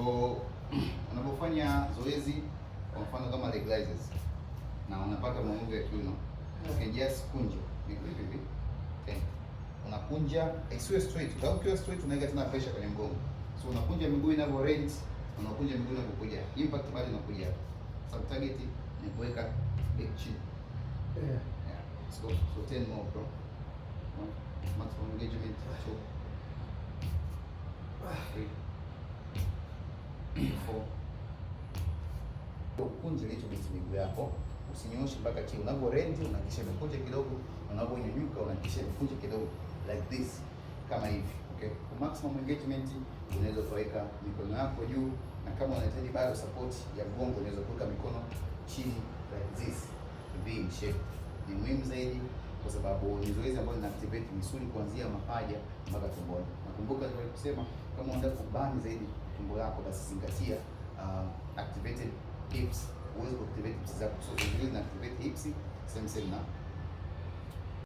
So unapofanya zoezi kwa mfano kama leg raises na unapata maumivu ya kiuno, you just kunja vipi vipi, hivi, eh, unakunja isiwe straight. Kwa ukiwa straight unaweka tena pressure kwenye mgongo, so unakunja miguu inavyo range, unakunja miguu inapokuja impact, bali inakuja hapa. Sub target ni kuweka leg chin. Yeah. yeah. So, so 10 more bro. Maximum engagement. kifo. Ukunje licho misigu yako, usinyooshe mpaka chini. Unaporendi unakisha mkunje kidogo, unaponyanyuka unakisha mkunje kidogo like this, kama hivi okay. Kwa maximum engagement unaweza kuweka mikono yako juu, na kama unahitaji bado support ya mgongo unaweza kuweka mikono chini like this V shape. Ni muhimu zaidi kwa sababu ni zoezi ambalo lina activate misuli kuanzia mapaja mpaka tumboni. Nakumbuka nilikusema kama unataka kubani zaidi tumbo lako, basi zingatia um, activated hips. Uweze kuactivate hips zako, so zingine activate hips same same na